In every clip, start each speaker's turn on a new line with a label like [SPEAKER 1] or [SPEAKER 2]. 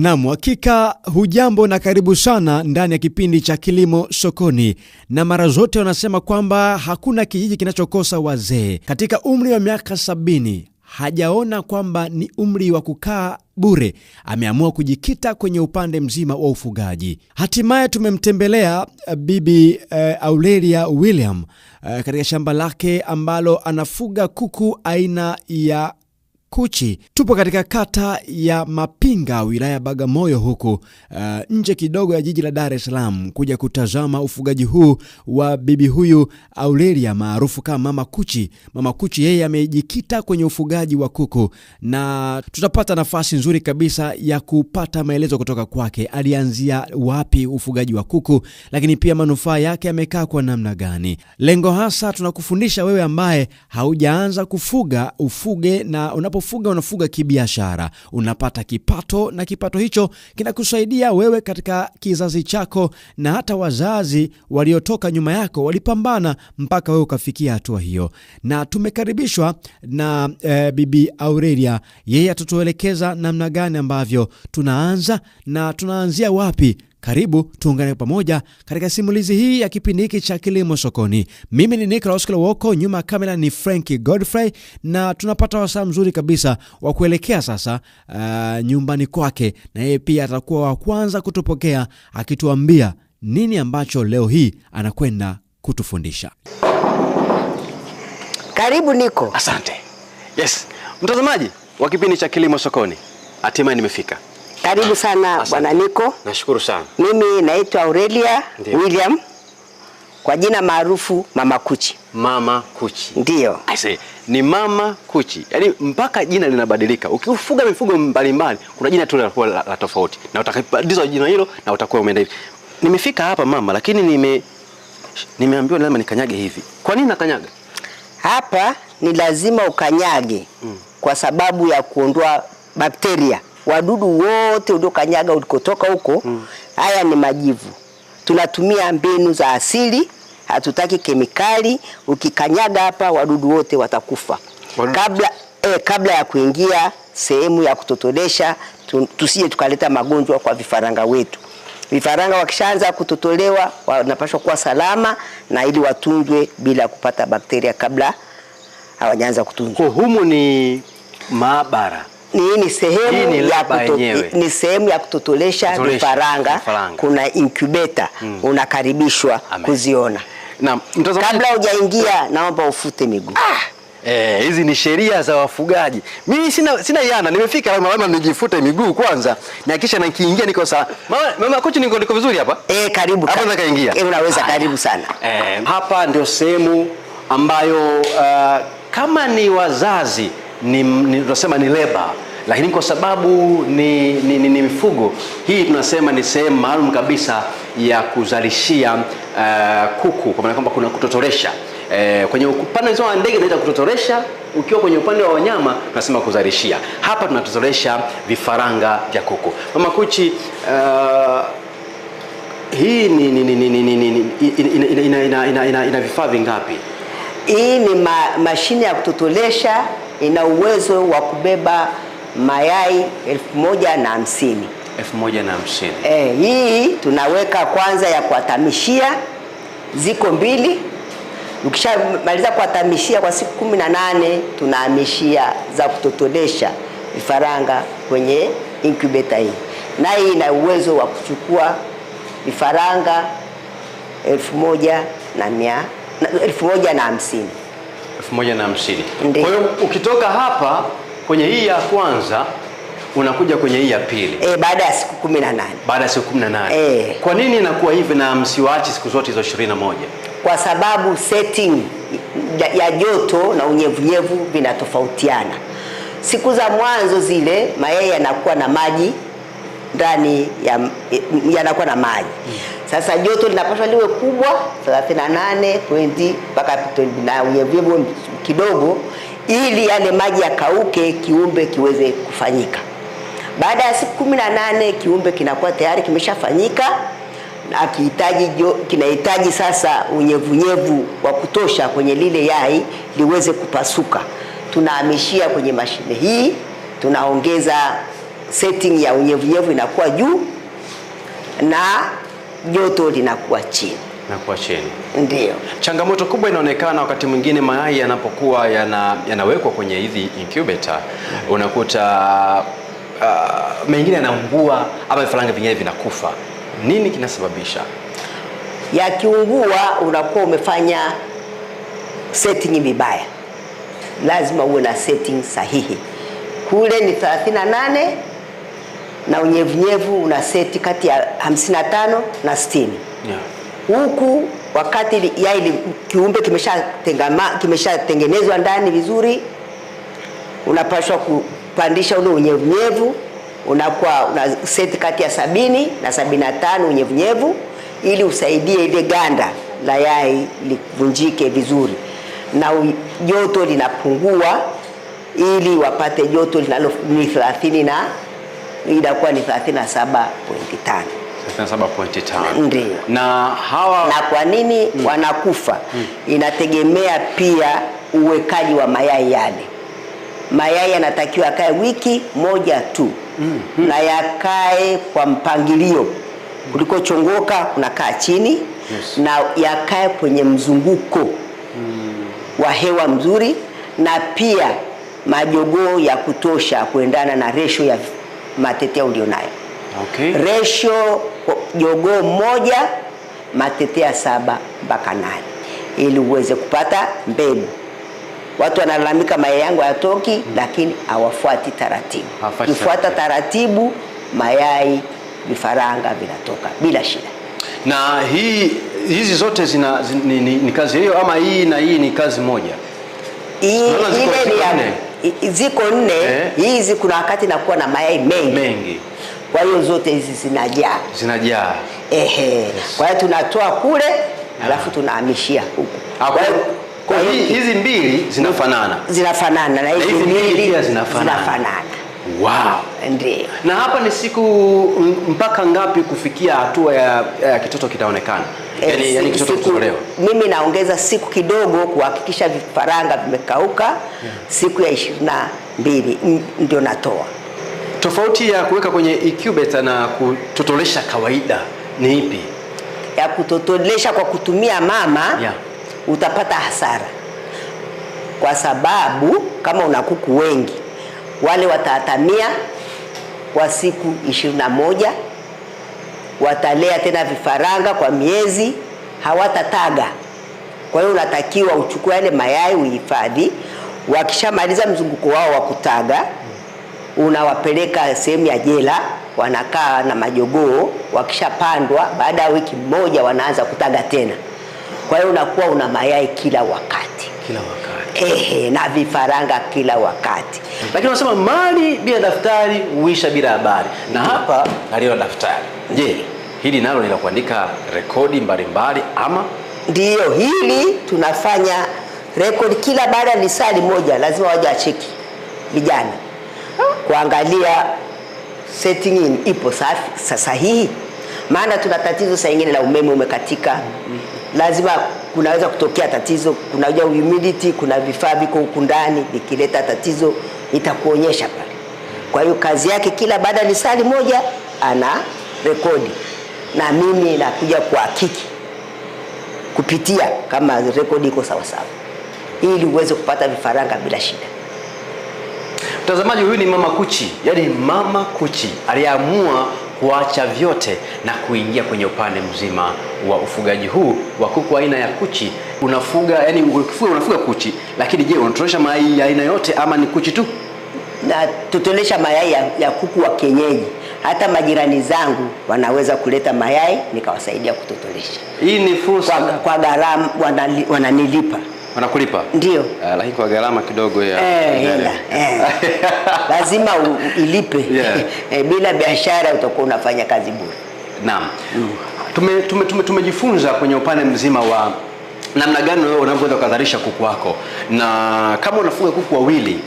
[SPEAKER 1] Nam, hakika hujambo na karibu sana ndani ya kipindi cha Kilimo Sokoni, na mara zote wanasema kwamba hakuna kijiji kinachokosa wazee. Katika umri wa miaka sabini hajaona kwamba ni umri wa kukaa bure, ameamua kujikita kwenye upande mzima wa ufugaji. Hatimaye tumemtembelea eh, Bibi uh, Aurelia William uh, katika shamba lake ambalo anafuga kuku aina ya Kuchi. Tupo katika kata ya Mapinga, wilaya Bagamoyo huku uh, nje kidogo ya jiji la Dar es Salaam kuja kutazama ufugaji huu wa bibi huyu Aurelia maarufu kama Mama Kuchi. Mama Kuchi yeye amejikita kwenye ufugaji wa kuku na tutapata nafasi nzuri kabisa ya kupata maelezo kutoka kwake. Alianzia wapi ufugaji wa kuku, lakini pia manufaa yake amekaa kwa namna gani? Lengo hasa tunakufundisha wewe ambaye haujaanza kufuga ufuge na unapo unapofuga unafuga kibiashara, unapata kipato na kipato hicho kinakusaidia wewe katika kizazi chako, na hata wazazi waliotoka nyuma yako walipambana mpaka wewe ukafikia hatua hiyo. Na tumekaribishwa na e, Bibi Aurelia, yeye atatuelekeza namna gani ambavyo tunaanza na tunaanzia wapi karibu tuungane pamoja katika simulizi hii ya kipindi hiki cha Kilimo Sokoni. Mimi ni Nicholas Kilowoko, nyuma ya kamera ni Frank Godfrey, na tunapata wasaa mzuri kabisa wa kuelekea sasa uh, nyumbani kwake, na yeye pia atakuwa wa kwanza kutupokea akituambia nini ambacho leo hii anakwenda kutufundisha. Karibu Niko.
[SPEAKER 2] Asante. Yes, mtazamaji wa kipindi cha Kilimo Sokoni, hatimaye nimefika
[SPEAKER 1] karibu sana bwana Niko. Nashukuru sana. Mimi naitwa Aurelia Ndiyo. William kwa jina maarufu Mama Kuchi.
[SPEAKER 2] Mama Kuchi. Ndiyo. Ase, ni Mama Kuchi. Yaani mpaka jina linabadilika. Ukifuga mifugo mbalimbali kuna jina tu la, la, la tofauti. Na utakapandizwa jina hilo na utakuwa umeenda hivi. Nimefika hapa mama, lakini nime nimeambiwa lazima nikanyage hivi. Kwa nini nakanyaga?
[SPEAKER 1] Hapa ni lazima ukanyage mm. kwa sababu ya kuondoa bakteria wadudu wote uliokanyaga ulikotoka huko mm. Haya ni majivu. Tunatumia mbinu za asili, hatutaki kemikali. Ukikanyaga hapa wadudu wote watakufa Wanu... kabla, eh, kabla ya kuingia sehemu ya kutotolesha tusije tukaleta magonjwa kwa vifaranga wetu. Vifaranga wakishaanza kutotolewa wanapaswa kuwa salama na ili watunzwe bila kupata bakteria kabla hawajaanza kutunzwa.
[SPEAKER 2] Humu ni maabara
[SPEAKER 1] ni ni sehemu ni ya kutu, ni sehemu ya kutotolesha vifaranga. Kuna incubator mm. unakaribishwa Amen. kuziona na, kabla hujaingia naomba ufute miguu ah!
[SPEAKER 2] Eh, hizi ni sheria za wafugaji. Mimi sina sina yana, nimefika lazima lazima nijifute miguu kwanza. Nihakisha na nikiingia niko sawa. Mama, mama kochi niko niko vizuri hapa? Eh, karibu. Hapa nataka kaingia
[SPEAKER 1] Eh, unaweza karibu sana.
[SPEAKER 2] Eh, hapa ndio sehemu ambayo uh, kama ni wazazi ni tunasema ni, ni leba lakini kwa sababu ni, ni, ni, ni mifugo hii tunasema ni sehemu maalum kabisa ya kuzalishia uh, kuku, kwa maana kwamba kuna kutotoresha eh, kwenye upande wa ndege inaita kutotoresha, ukiwa kwenye upande wa wanyama tunasema kuzalishia. Hapa tunatotoresha vifaranga vya kuku. Mama Kuchi, uh, hii ni, ni, ni, ni, ni, ni, ina, ina, ina, ina, ina, ina vifaa vingapi?
[SPEAKER 1] Hii ni ma, mashine ya kutotolesha ina uwezo wa kubeba mayai elfu moja na hamsini
[SPEAKER 2] elfu moja na hamsini.
[SPEAKER 1] E, hii tunaweka kwanza ya kuatamishia ziko mbili. Ukishamaliza kuatamishia kwa siku kumi na nane tunahamishia za kutotolesha vifaranga kwenye incubator hii, na hii ina uwezo wa kuchukua vifaranga elfu moja na mia elfu moja na hamsini.
[SPEAKER 2] 1050. Kwa hiyo ukitoka hapa kwenye hii ya kwanza unakuja kwenye hii ya pili
[SPEAKER 1] e, baada ya siku 18.
[SPEAKER 2] Baada ya siku 18. E. Eh. Kwa nini inakuwa hivi na msiwaachi siku zote hizo 21?
[SPEAKER 1] Kwa sababu setting ya joto na unyevunyevu vinatofautiana. Siku za mwanzo zile mayai yanakuwa na maji ndani yanakuwa na maji hmm. Sasa joto linapaswa liwe kubwa 38 pointi mpaka na unyevunyevu kidogo, ili yale maji yakauke, kiumbe kiweze kufanyika. Baada ya siku kumi na nane kiumbe kinakuwa tayari kimeshafanyika na kihitaji kinahitaji sasa unyevunyevu wa kutosha kwenye lile yai liweze kupasuka. Tunahamishia kwenye mashine hii, tunaongeza setting ya unyevunyevu inakuwa juu na joto linakuwa chini
[SPEAKER 2] nakuwa chini. Ndio changamoto kubwa inaonekana wakati mwingine mayai yanapokuwa yana, yanawekwa kwenye hizi incubator mm. unakuta uh, mengine yanaungua ama vifaranga vingine vinakufa. Nini kinasababisha?
[SPEAKER 1] Yakiungua unakuwa umefanya setting vibaya, lazima uwe na setting sahihi. Kule ni 38 na unyevunyevu una seti kati ya 55 na 60 yeah. huku wakati yai kiumbe kimeshatengenezwa kimesha ndani vizuri, unapashwa kupandisha ule unyevunyevu unakuwa una seti kati ya sabini na sabini na tano unyevunyevu, ili usaidie ile ganda la yai livunjike vizuri, na joto linapungua ili wapate joto linalo ni thelathini na inakuwa ni 37.5
[SPEAKER 2] 37.5 ndio. Na hawa...
[SPEAKER 1] na kwa nini mm. wanakufa mm. inategemea pia uwekaji wa mayai yale. Mayai yanatakiwa yakae wiki moja tu mm -hmm. na yakae kwa mpangilio hmm. kulikochongoka unakaa chini yes. na yakae kwenye mzunguko mm. wa hewa mzuri, na pia majogoo ya kutosha kuendana na resho ya matetea ulionayo. Okay. Ratio jogoo moja matetea saba mpaka nane ili uweze kupata mbegu. Watu wanalalamika mayai yangu hayatoki, hmm. lakini hawafuati taratibu. Kifuata taratibu, mayai vifaranga vinatoka bila shida.
[SPEAKER 2] Na hii hizi zote zina, zin, ni, ni, ni kazi hiyo ama hii na hii ni kazi moja? Hii, ile ni ya
[SPEAKER 1] ziko nne eh. Hizi kuna wakati nakuwa na mayai mengi mengi, kwa hiyo zote hizi zinajaa zinajaa, ehe yes. Kwa hiyo tunatoa kule ah. alafu tunahamishia huku.
[SPEAKER 2] Ah, kwa hizi mbili zinafanana
[SPEAKER 1] zinafanana
[SPEAKER 2] na hizi mbili
[SPEAKER 1] zinafanana Wow. Ndiyo.
[SPEAKER 2] Na hapa ni siku mpaka ngapi kufikia hatua ya, ya kitoto kitaonekana? Eh, yani, yani kitoto kutolewa.
[SPEAKER 1] Mimi naongeza siku kidogo kuhakikisha vifaranga vimekauka yeah. Siku ya ishirini na mbili ndio natoa.
[SPEAKER 2] Tofauti ya kuweka kwenye incubator na kutotolesha kawaida ni ipi?
[SPEAKER 1] Ya kutotolesha kwa kutumia mama yeah. Utapata hasara kwa sababu kama una kuku wengi wale wataatamia kwa siku ishirini na moja watalea tena vifaranga kwa miezi, hawatataga. Kwa hiyo unatakiwa uchukue yale mayai uhifadhi. Wakishamaliza mzunguko wao wa kutaga, unawapeleka sehemu ya jela, wanakaa na majogoo. Wakishapandwa, baada ya wiki moja wanaanza kutaga tena. Kwa hiyo unakuwa una mayai kila wakati, kila wakati ehe, na vifaranga kila wakati.
[SPEAKER 2] Lakini wanasema mali bila daftari huisha bila habari, na hapa nalio daftari. Je, hili nalo ni la kuandika rekodi mbalimbali ama?
[SPEAKER 1] Ndiyo, hili tunafanya rekodi kila baada ya lisali moja, lazima waje wacheki vijana ah. kuangalia setting in ipo safi sahihi, maana tuna tatizo saa ingine la umeme umekatika, mm-hmm. lazima kunaweza kutokea tatizo, kunaja humidity, kuna vifaa viko huku ndani vikileta tatizo itakuonyesha pale. Kwa hiyo kazi yake kila baada ya lisali moja ana rekodi, na mimi nakuja kuhakiki kupitia kama rekodi iko sawasawa, ili uweze kupata vifaranga bila shida.
[SPEAKER 2] Mtazamaji, huyu ni Mama Kuchi, yaani Mama Kuchi aliamua kuacha vyote na kuingia kwenye upande mzima wa ufugaji huu wa kuku aina ya kuchi. Unafuga yani, ukifuga unafuga kuchi, lakini je, unatolesha mayai ya aina yote ama ni kuchi tu?
[SPEAKER 1] Na tutolesha mayai ya, ya kuku wa kienyeji hata majirani zangu wanaweza kuleta mayai nikawasaidia kutotolesha.
[SPEAKER 2] Hii ni fursa kwa,
[SPEAKER 1] kwa gharama wananilipa wana wanakulipa ndio, uh,
[SPEAKER 2] lakini kwa gharama kidogo ya
[SPEAKER 1] eh, hela eh, lazima ilipe yeah. eh, bila biashara utakuwa unafanya kazi bure.
[SPEAKER 2] Naam. Mm. Tumejifunza tume, tume, tume kwenye upande mzima wa namna gani wewe unavyoweza kudharisha kuku wako, na kama unafuga kuku wawili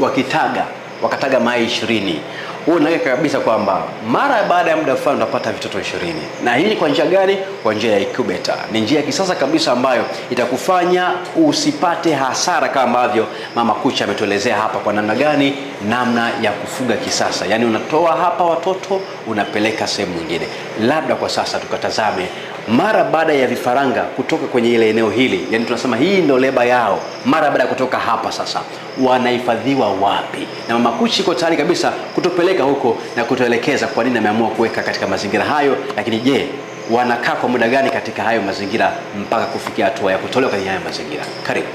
[SPEAKER 2] wakitaga wakataga mayai ishirini huo unaweka kabisa kwamba mara baada ya muda fulani utapata vitoto ishirini. Na hii kwa njia gani? Kwa njia ya incubator. Ni njia ya kisasa kabisa ambayo itakufanya usipate hasara kama ambavyo mama Kucha ametuelezea hapa, kwa namna gani, namna ya kufuga kisasa, yaani unatoa hapa watoto unapeleka sehemu nyingine. Labda kwa sasa tukatazame mara baada ya vifaranga kutoka kwenye ile eneo hili, yani tunasema hii ndio leba yao, mara baada ya kutoka hapa, sasa wanahifadhiwa wapi? Na Mama Kuchi iko tayari kabisa kutupeleka huko na kutuelekeza kwa nini ameamua kuweka katika mazingira hayo. Lakini je, wanakaa kwa muda gani katika hayo mazingira mpaka kufikia hatua ya kutolewa kwenye hayo mazingira? Karibu.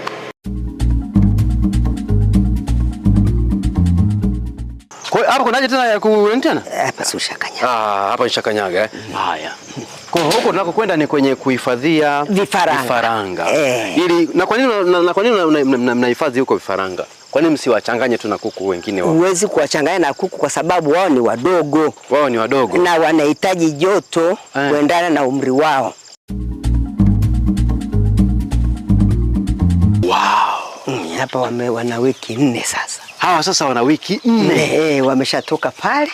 [SPEAKER 2] Kwa hapa kunaje tena ya ku tena?
[SPEAKER 1] Eh, hapa si ushakanyaga.
[SPEAKER 2] Ah, hapa ushakanyaga eh. Mm. Haya. Kwa huko tunakokwenda ni kwenye kuhifadhia vifaranga, vifaranga. Eh. Ili na kwa nini na kwa nini mnahifadhi huko vifaranga? Kwa nini msiwachanganye tu na kuku wengine wao?
[SPEAKER 1] Huwezi kuwachanganya na kuku kwa sababu wao ni wadogo.
[SPEAKER 2] Wao ni wadogo.
[SPEAKER 1] Na wanahitaji joto eh. kuendana na umri wao. Mm, hapa wame wana wiki nne sasa.
[SPEAKER 2] Hawa sasa wana wiki
[SPEAKER 1] nne. Eh, eh, wameshatoka pale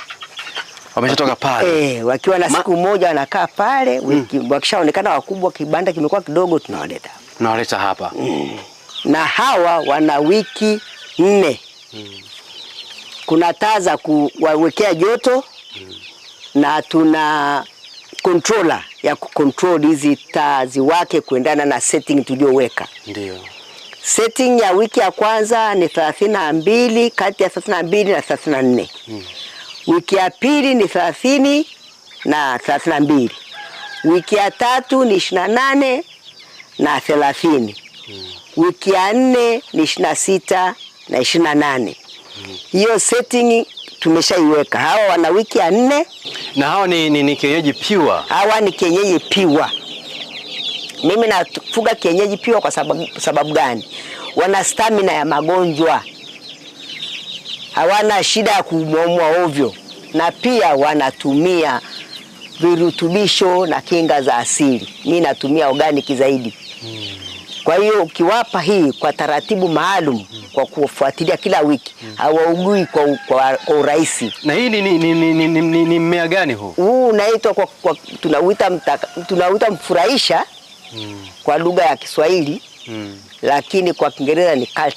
[SPEAKER 1] wameshatoka pale eh, wakiwa na siku moja wanakaa pale hmm. wiki, mm. wakishaonekana wakubwa, kibanda kimekuwa kidogo, tunawaleta
[SPEAKER 2] tunawaleta hapa mm.
[SPEAKER 1] na hawa wana wiki nne mm. kuna taa za kuwawekea joto mm. na tuna controller ya kucontrol hizi taa ziwake kuendana na setting tuliyoweka. Ndio. Setting ya wiki ya kwanza ni 32 kati ya 32 na 34. mm wiki ya pili ni thelathini na thelathini na mbili wiki ya tatu ni ishirini na nane na thelathini hmm. wiki ya nne ni ishirini na sita na ishirini na nane hiyo hmm. setting tumeshaiweka. Hawa wana wiki ya nne
[SPEAKER 2] na hawa ni, ni, ni kienyeji piwa.
[SPEAKER 1] Hawa ni kienyeji piwa. Mimi nafuga kienyeji piwa kwa sababu, sababu gani? Wana stamina ya magonjwa hawana shida ya kumwamua ovyo, na pia wanatumia virutubisho na kinga za asili. Mi natumia organic zaidi Kwa hiyo ukiwapa hii kwa taratibu maalum hmm. kwa kufuatilia kila wiki hmm. hawaugui kwa, kwa, kwa urahisi.
[SPEAKER 2] Na hii ni, ni, ni, ni, ni, ni, ni, ni mmea gani huu?
[SPEAKER 1] Huu unaitwa kwa, kwa, tunauita, tunauita mfurahisha hmm. kwa lugha ya Kiswahili hmm. lakini kwa Kiingereza ni hmm.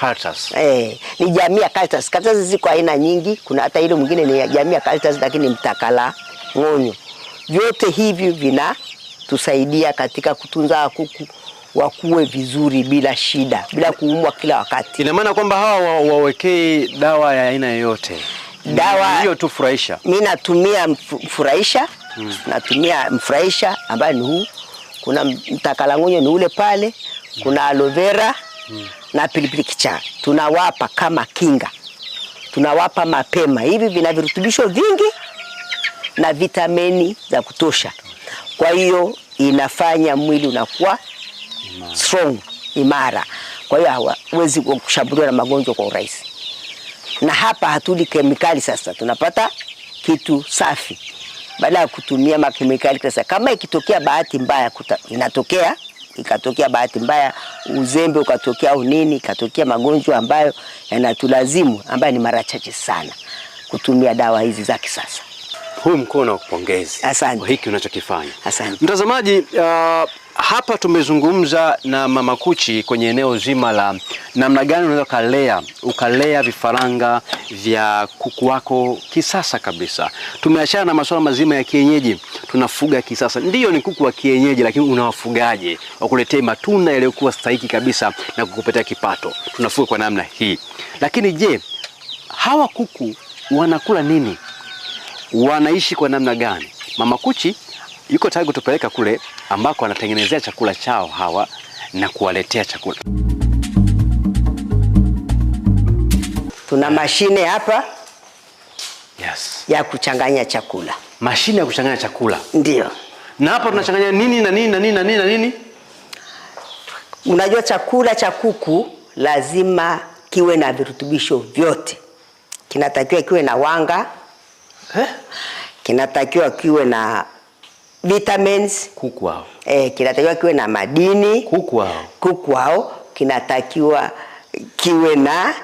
[SPEAKER 1] Cultures. Eh, ni jamii ya cultures. Cultures ziko aina nyingi, kuna hata ile mwingine ni jamii ya cultures lakini mtakala ng'onyo. Vyote hivi vinatusaidia katika kutunza kuku wakuwe vizuri bila shida, bila kuumwa kila wakati.
[SPEAKER 2] Ina maana kwamba hawa wawekei dawa ya aina yoyote? Dawa hiyo tu furahisha.
[SPEAKER 1] Mimi natumia mfurahisha, hmm. Natumia mfurahisha ambayo ni huu. Kuna mtakalangonyo ni ule pale, kuna aloe vera hmm na pilipili kichaa tunawapa kama kinga, tunawapa mapema. Hivi vina virutubisho vingi na vitamini za kutosha, kwa hiyo inafanya mwili unakuwa strong, imara. Kwa hiyo hawezi kushambuliwa na magonjwa kwa urahisi. Na hapa hatuli kemikali, sasa tunapata kitu safi baada ya kutumia makemikali. Sasa kama ikitokea bahati mbaya kuta, inatokea ikatokea bahati mbaya uzembe ukatokea au nini, ikatokea magonjwa ambayo yanatulazimu ambayo ni mara chache sana kutumia dawa hizi za kisasa.
[SPEAKER 2] Huu mkono wa kupongezi. Asante. Kwa hiki unachokifanya. Asante. Mtazamaji uh, hapa tumezungumza na Mama Kuchi kwenye eneo zima la namna gani unaweza ukalea ukalea vifaranga vya kuku wako kisasa kabisa. Tumeachana na masuala mazima ya kienyeji, tunafuga kisasa. Ndiyo, ni kuku wa kienyeji, lakini unawafugaje wakuletee matunda yaliyokuwa stahiki kabisa na kukupatia kipato? Tunafuga kwa namna hii. Lakini je, hawa kuku wanakula nini? Wanaishi kwa namna gani? Mama Kuchi yuko tayari kutupeleka kule ambako anatengenezea chakula chao hawa na kuwaletea chakula.
[SPEAKER 1] Tuna mashine hapa yes, ya kuchanganya chakula.
[SPEAKER 2] Mashine ya kuchanganya chakula ndio. Na hapa tunachanganya nini na nini na nini na nini na nini?
[SPEAKER 1] Unajua, chakula cha kuku lazima kiwe na virutubisho vyote. Kinatakiwa kiwe na wanga eh? Kinatakiwa kiwe na vitamins kuku wao. Eh, kinatakiwa kiwe na madini
[SPEAKER 2] kuku wao.
[SPEAKER 1] Kuku wao kinatakiwa kiwe na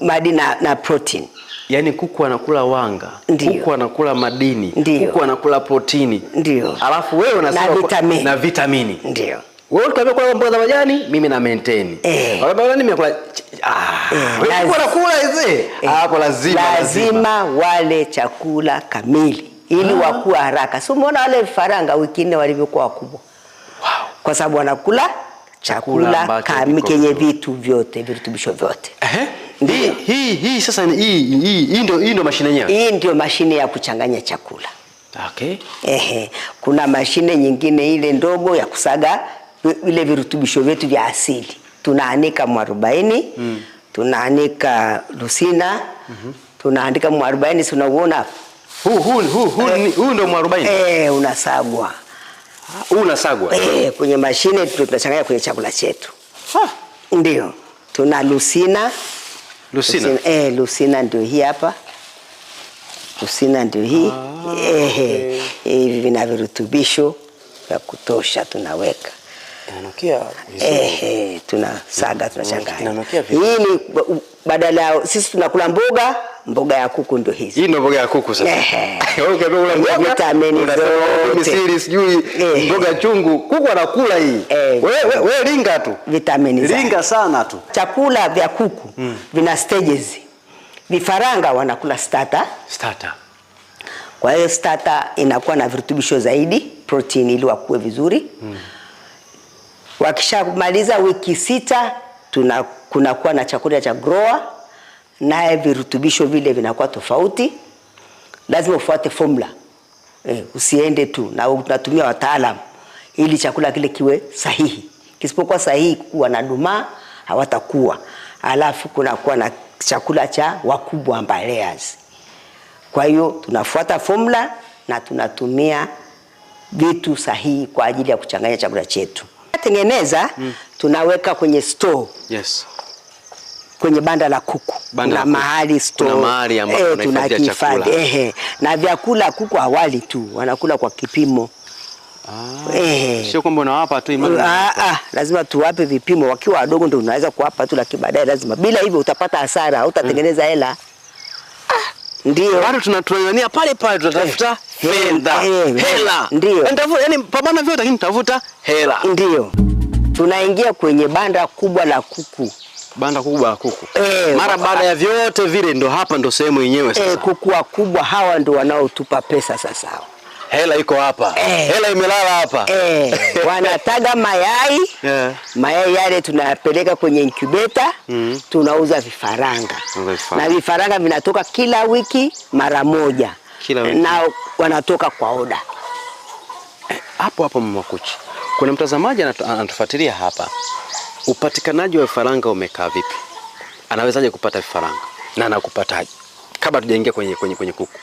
[SPEAKER 1] madini na, na protein.
[SPEAKER 2] Yaani kuku anakula wanga. Ndiyo. Kuku anakula madini. Ndiyo. Kuku anakula protini. ndio Alafu wewe unasema na vitamini. Na vitamini. ndio Wewe utaambia kula mboga za majani, mimi na maintain. Eh. Kwa sababu nimekula ah. Eh, wewe unakula hizi? Eh. Hapo lazima,
[SPEAKER 1] lazima lazima wale chakula kamili ili ah, wakuwa haraka. Si umeona wale vifaranga wiki nne walivyokuwa wakubwa wow. kwa sababu wanakula chakula kamili kenye vitu vyote virutubisho vyote.
[SPEAKER 2] Ehe. Ndiyo. Hii sasa hii hii hi, ndio hii ndio mashine yenyewe.
[SPEAKER 1] Hii ndio mashine ya kuchanganya chakula. Okay. Ehe. Kuna mashine nyingine ile ndogo ya kusaga ile virutubisho vyetu vya asili. Tunaanika mwarobaini, mm. tunaanika lusina, mm -hmm. tunaanika mwarobaini tunauona
[SPEAKER 2] huu huu huu huu eh, huu ndio mwarobaini
[SPEAKER 1] eh, unasagwa
[SPEAKER 2] huu unasagwa
[SPEAKER 1] eh, kwenye mashine tunachanganya kwenye chakula chetu ndio tuna lusina lusina, lusina. Eh, lusina ndio hii hapa lusina ndio hii ah, eh, okay. hivi vina virutubisho vya kutosha tunaweka eh, tunasaga tunachanganya. Hii ni badala sisi tunakula mboga mboga ya kuku ndo hizi.
[SPEAKER 2] Hii ndo mboga ya kuku sasa. Wewe ukiambia kula ula vitamini zote. Sijui mboga chungu, kuku anakula hii. Wewe wewe linga tu. Vitamini zote. Linga sana tu.
[SPEAKER 1] Chakula vya kuku hmm. vina stages. Vifaranga wanakula starter. Starter. Kwa hiyo starter inakuwa na virutubisho zaidi, protein ili wakue vizuri. Mm. Wakishamaliza wiki sita tuna kunakuwa na chakula cha grower naye virutubisho vile vinakuwa tofauti. Lazima ufuate formula eh, usiende tu na unatumia wataalam ili chakula kile kiwe sahihi. Kisipokuwa sahihi kuwa na dumaa hawatakuwa. Alafu kunakuwa na chakula cha wakubwa layers. Kwa hiyo tunafuata formula na tunatumia vitu sahihi kwa ajili ya kuchanganya chakula chetu. Tengeneza mm. tunaweka kwenye store. Yes kwenye banda la kuku banda na kuku. mahali store mahali ambapo tunahifadhi eh, ehe, na vyakula kuku awali tu wanakula kwa kipimo.
[SPEAKER 2] Ah, eh. sio kwamba unawapa tu
[SPEAKER 1] imani. Ah, ah, lazima tuwape vipimo wakiwa wadogo, ndio unaweza kuwapa tu, lakini baadaye lazima, bila hivyo utapata hasara, au hautatengeneza mm. hela mm. Ndio.
[SPEAKER 2] Bado tunatuania pale pale tunatafuta eh, eh, fedha. Hela. Ndio. Yaani pambana vyote lakini tutavuta hela.
[SPEAKER 1] Ndio. Tunaingia kwenye banda kubwa la kuku
[SPEAKER 2] banda kubwa la kuku e, mara baada ya vyote vile ndo hapa ndo sehemu yenyewe sasa.
[SPEAKER 1] E, kuku wakubwa hawa ndo wanaotupa pesa sasa.
[SPEAKER 2] Hela iko hapa e. Hela imelala hapa
[SPEAKER 1] e. Wanataga mayai yeah. Mayai yale tunayapeleka kwenye incubator mm. Tunauza vifaranga na vifaranga vinatoka kila wiki mara moja kila wiki. Na wanatoka kwa oda
[SPEAKER 2] hapo hapo Mama Kuna mtazamaji anatufuatilia hapa upatikanaji wa vifaranga umekaa vipi? Anawezaje kupata vifaranga na anakupataje? Kabla tujaingia kwenye, kwenye, kwenye kuku,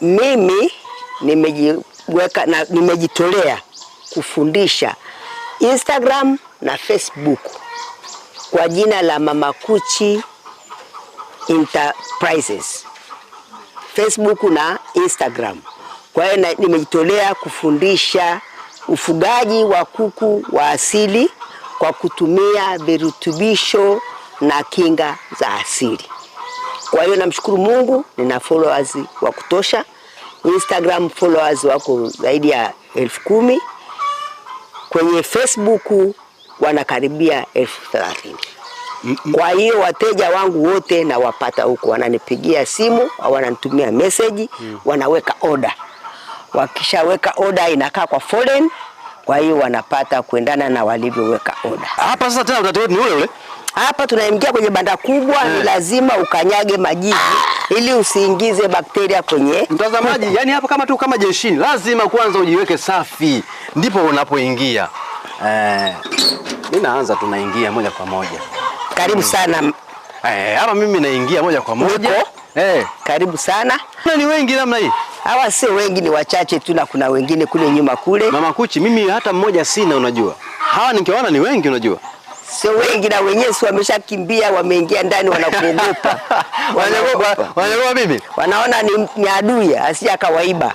[SPEAKER 1] mimi nimejiweka na nimejitolea kufundisha Instagram na Facebook kwa jina la Mama Kuchi Enterprises, Facebook na Instagram. Kwa hiyo nimejitolea kufundisha ufugaji wa kuku wa asili kwa kutumia virutubisho na kinga za asili. Kwa hiyo namshukuru Mungu nina followers wa kutosha. Instagram followers wako zaidi ya elfu kumi. Kwenye Facebook wanakaribia elfu thelathini. Kwa hiyo wateja wangu wote nawapata huko, wananipigia simu au wananitumia message, hmm. wanaweka order. Wakishaweka order inakaa kwa foreign kwa hiyo wanapata kuendana na walivyoweka oda.
[SPEAKER 2] Hapa sasa tena utaratibu ni ule ule
[SPEAKER 1] hapa tunaingia kwenye banda kubwa yeah. Ni eh. lazima ukanyage majivu ah. ili usiingize bakteria kwenye
[SPEAKER 2] mtazamaji. Yani hapa kama tu kama jeshini, lazima kwanza ujiweke safi ndipo unapoingia. Eh, mimi naanza, tunaingia moja kwa moja.
[SPEAKER 1] Karibu mm. sana.
[SPEAKER 2] Eh, mimi naingia moja kwa moja.
[SPEAKER 1] Eh, karibu sana.
[SPEAKER 2] Na ni wengi namna hii
[SPEAKER 1] hawa sio wengi, ni wachache tu, na kuna wengine kule nyuma kule.
[SPEAKER 2] Mama Kuchi, mimi hata mmoja sina, unajua hawa nikiwaona ni wengi, unajua
[SPEAKER 1] sio wengi, na wenyewe si wameshakimbia, wameingia ndani, wanakuogopa
[SPEAKER 2] wanaogopa mimi,
[SPEAKER 1] wanaona ni, ni adui asiye kawaiba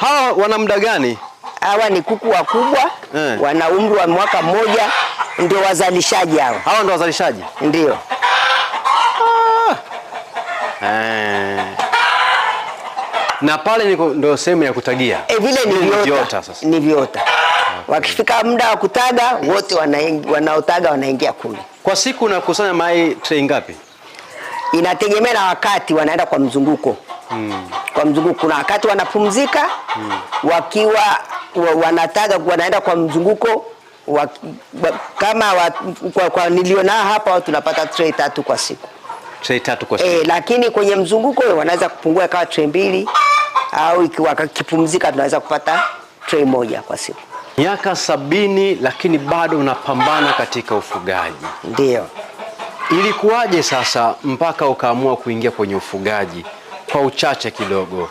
[SPEAKER 2] Hawa wana muda gani?
[SPEAKER 1] Hawa ni kuku wakubwa eh, wana umri wa mwaka mmoja, ndio wazalishaji hawa.
[SPEAKER 2] Hawa ndio wazalishaji, ndio na pale ndio sehemu ya kutagia
[SPEAKER 1] e, vile ni viota, ni viota. Okay. Wakifika muda wa kutaga wote wanaotaga wanaingia kule.
[SPEAKER 2] Kwa siku unakusanya mai tray ngapi?
[SPEAKER 1] Inategemea na wakati wanaenda kwa mzunguko hmm. Kwa mzunguko kuna wakati wanapumzika hmm. Wakiwa wanataga wanaenda kwa mzunguko wa, kama wa, kwa, kwa nilionaa hapa tunapata tray tatu kwa siku trei tatu kwa eh, siku. E, lakini kwenye mzunguko huo wanaweza kupungua ikawa trei mbili au ikiwa kipumzika tunaweza kupata trei moja kwa siku.
[SPEAKER 2] Miaka sabini lakini bado unapambana katika ufugaji. ndio Ilikuwaje sasa mpaka ukaamua kuingia kwenye ufugaji? Kwa uchache kidogo,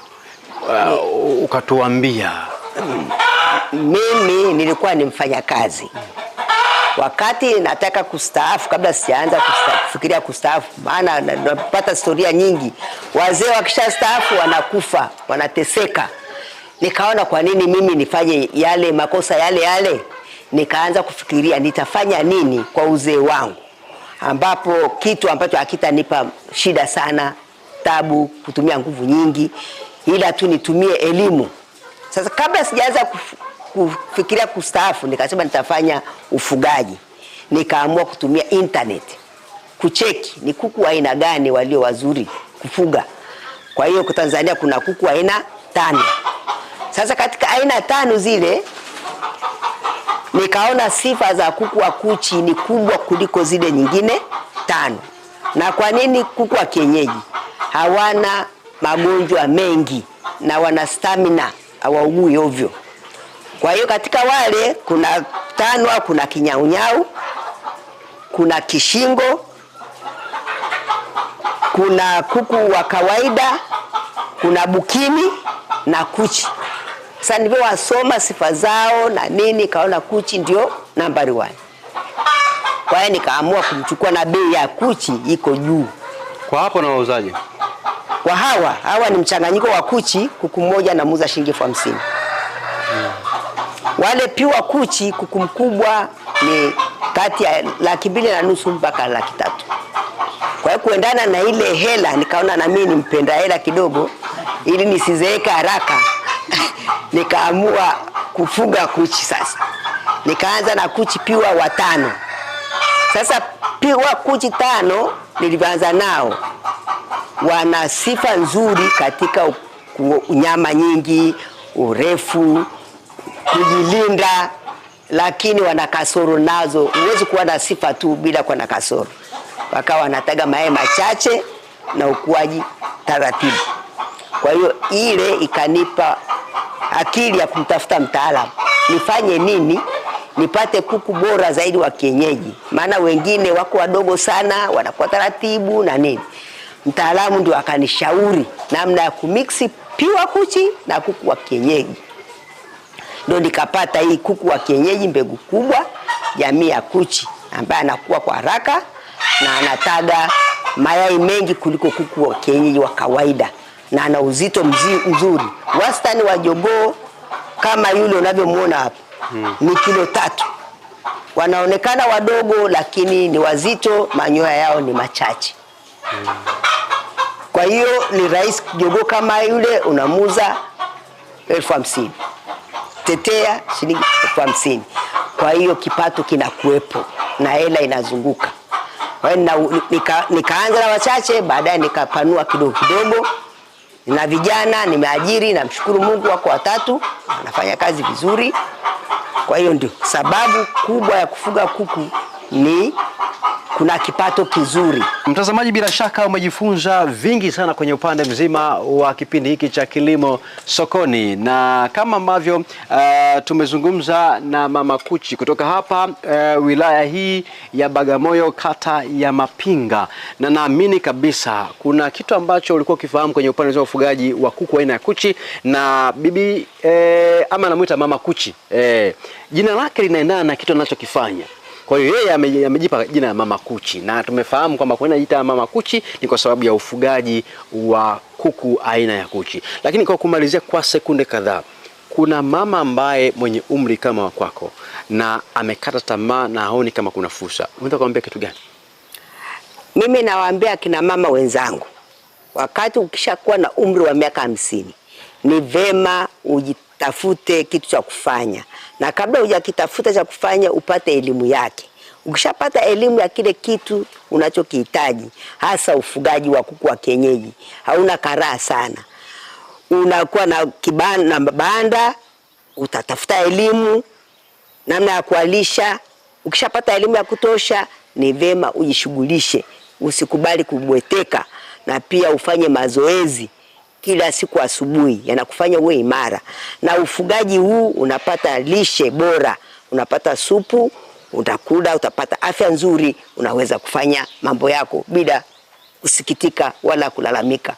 [SPEAKER 2] uh, ukatuambia.
[SPEAKER 1] Mimi nilikuwa ni mfanyakazi. Wakati nataka kustaafu, kabla sijaanza kufikiria kustaafu, maana napata historia nyingi, wazee wakishastaafu wanakufa, wanateseka. Nikaona kwa nini mimi nifanye yale makosa yale yale. Nikaanza kufikiria nitafanya nini kwa uzee wangu, ambapo kitu ambacho hakitanipa shida sana, tabu, kutumia nguvu nyingi, ila tu nitumie elimu. Sasa kabla sijaanza kufikiria kustaafu, nikasema nitafanya ufugaji. Nikaamua kutumia internet kucheki ni kuku aina gani walio wazuri kufuga. Kwa hiyo Tanzania kuna kuku aina tano. Sasa katika aina tano zile nikaona sifa za kuku wa kuchi ni kubwa kuliko zile nyingine tano. Na kwa nini? Kuku wa kienyeji hawana magonjwa mengi na wana stamina, hawaugui ovyo. Kwa hiyo katika wale kuna tanwa, kuna kinyaunyau, kuna kishingo, kuna kuku wa kawaida, kuna bukini na kuchi. Sasa nilivyowasoma sifa zao na nini, kaona kuchi ndio nambari wani. Kwa hiyo nikaamua kumchukua na bei ya kuchi iko juu.
[SPEAKER 2] Kwa hapo na wauzaji
[SPEAKER 1] Kwa hawa hawa ni mchanganyiko wa kuchi, kuku mmoja namuuza shilingi elfu hamsini. Hmm. Wale piwa kuchi kuku mkubwa ni kati ya laki mbili na nusu mpaka laki tatu. Kwa hiyo kuendana na ile hela, nikaona na mimi nimpenda hela kidogo, ili nisizeeka haraka nikaamua kufuga kuchi sasa. Nikaanza na kuchi piwa watano. Sasa piwa kuchi tano nilivyoanza nao, wana sifa nzuri katika nyama nyingi, urefu kujilinda, lakini wana kasoro nazo. Huwezi kuwa na sifa tu bila kuwa na kasoro. Wakawa wanataga mayai machache na ukuaji taratibu. Kwa hiyo ile ikanipa akili ya kumtafuta mtaalamu, nifanye nini nipate kuku bora zaidi wa kienyeji, maana wengine wako wadogo sana, wanakuwa taratibu na nini. Mtaalamu ndio akanishauri namna ya kumiksi piwa kuchi na kuku wa kienyeji ndo nikapata hii kuku wa kienyeji mbegu kubwa jamii ya Kuchi ambaye anakuwa kwa haraka na anataga mayai mengi kuliko kuku wa kienyeji wa kawaida, na ana uzito mzuri. Wastani wa jogoo kama yule unavyomwona hapa hmm, ni kilo tatu. Wanaonekana wadogo, lakini ni wazito, manyoya yao ni machache hmm. Kwa hiyo ni rahisi, jogoo kama yule unamuza elfu hamsini tetea shilingi elfu hamsini. Kwa hiyo kipato kinakuwepo na hela inazunguka. Kwa hiyo nika, nikaanza na wachache, baadaye nikapanua kidogo kidogo na vijana nimeajiri. Namshukuru Mungu, wako watatu wanafanya kazi vizuri. Kwa hiyo ndio sababu kubwa ya kufuga kuku ni kuna kipato kizuri.
[SPEAKER 2] Mtazamaji, bila shaka umejifunza vingi sana kwenye upande mzima wa kipindi hiki cha Kilimo Sokoni, na kama ambavyo uh, tumezungumza na Mama Kuchi kutoka hapa uh, wilaya hii ya Bagamoyo, kata ya Mapinga, na naamini kabisa kuna kitu ambacho ulikuwa ukifahamu kwenye upande wa ufugaji wa kuku aina ya Kuchi na bibi eh, ama anamuita Mama Kuchi eh, jina lake linaendana na kitu anachokifanya. Kwa hiyo yeye amejipa jina la Mama Kuchi, na tumefahamu kwamba kwa nini anajiita Mama Kuchi ni kwa sababu ya ufugaji wa kuku aina ya kuchi. Lakini kwa kumalizia kwa sekunde kadhaa, kuna mama ambaye mwenye umri kama wa kwako na amekata tamaa na haoni kama kuna fursa, unataka kumwambia kitu gani?
[SPEAKER 1] Mimi nawaambia kina mama wenzangu, wakati ukishakuwa na umri wa miaka hamsini ni vema uji tafute kitu cha kufanya, na kabla hujakitafuta cha kufanya upate elimu yake. Ukishapata elimu ya kile kitu unachokihitaji, hasa ufugaji wa kuku wa kienyeji, hauna karaa sana, unakuwa na kibanda na mabanda, utatafuta elimu namna ya kualisha. Ukishapata elimu ya kutosha, ni vema ujishughulishe, usikubali kubweteka, na pia ufanye mazoezi kila siku asubuhi yanakufanya uwe imara, na ufugaji huu unapata lishe bora, unapata supu, utakula, utapata afya nzuri, unaweza kufanya mambo yako bila kusikitika wala kulalamika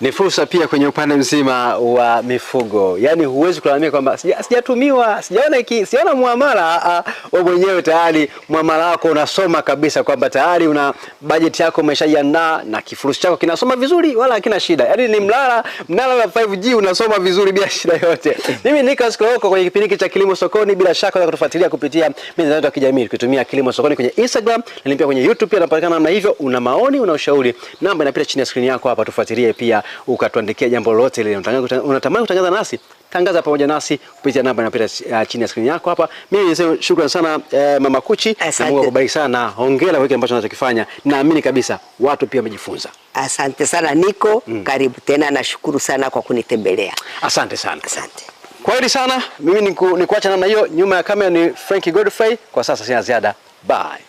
[SPEAKER 2] ni fursa pia kwenye upande mzima wa mifugo, yaani huwezi kulalamika kwamba sijatumiwa, sijaona hiki, sijaona muamala. Wewe mwenyewe tayari muamala wako unasoma kabisa kwamba tayari una bajeti yako umeshaiandaa na kifurushi chako kinasoma vizuri, wala hakina shida. Yaani ni mlala mnala wa 5G unasoma vizuri bila shida yote. Mimi ni Nicholas Koloko kwenye kipindi cha Kilimo Sokoni, bila shaka unaweza kutufuatilia kupitia mitandao ya kijamii kutumia Kilimo Sokoni kwenye Instagram, na pia kwenye YouTube pia tunapatikana namna hivyo. Una maoni, una ushauri, namba inapita chini ya skrini yako hapa, tufuatilie pia ukatuandikia jambo lolote lile. Unatamani kutangaza nasi, tangaza pamoja nasi kupitia namba inapita uh, eh, chini ya skrini yako hapa. Mimi niseme shukrani sana uh, Mama Kuchi, na Mungu akubariki sana. Hongera kwa kile ambacho unachokifanya, naamini kabisa watu pia wamejifunza.
[SPEAKER 1] Asante sana Niko, mm. Karibu tena, nashukuru sana kwa kunitembelea.
[SPEAKER 2] Asante sana, asante. Kwaheri sana. Mimi nikuacha namna hiyo, nyuma ya kamera ni Frankie Godfrey. Kwa sasa sina ziada, bye.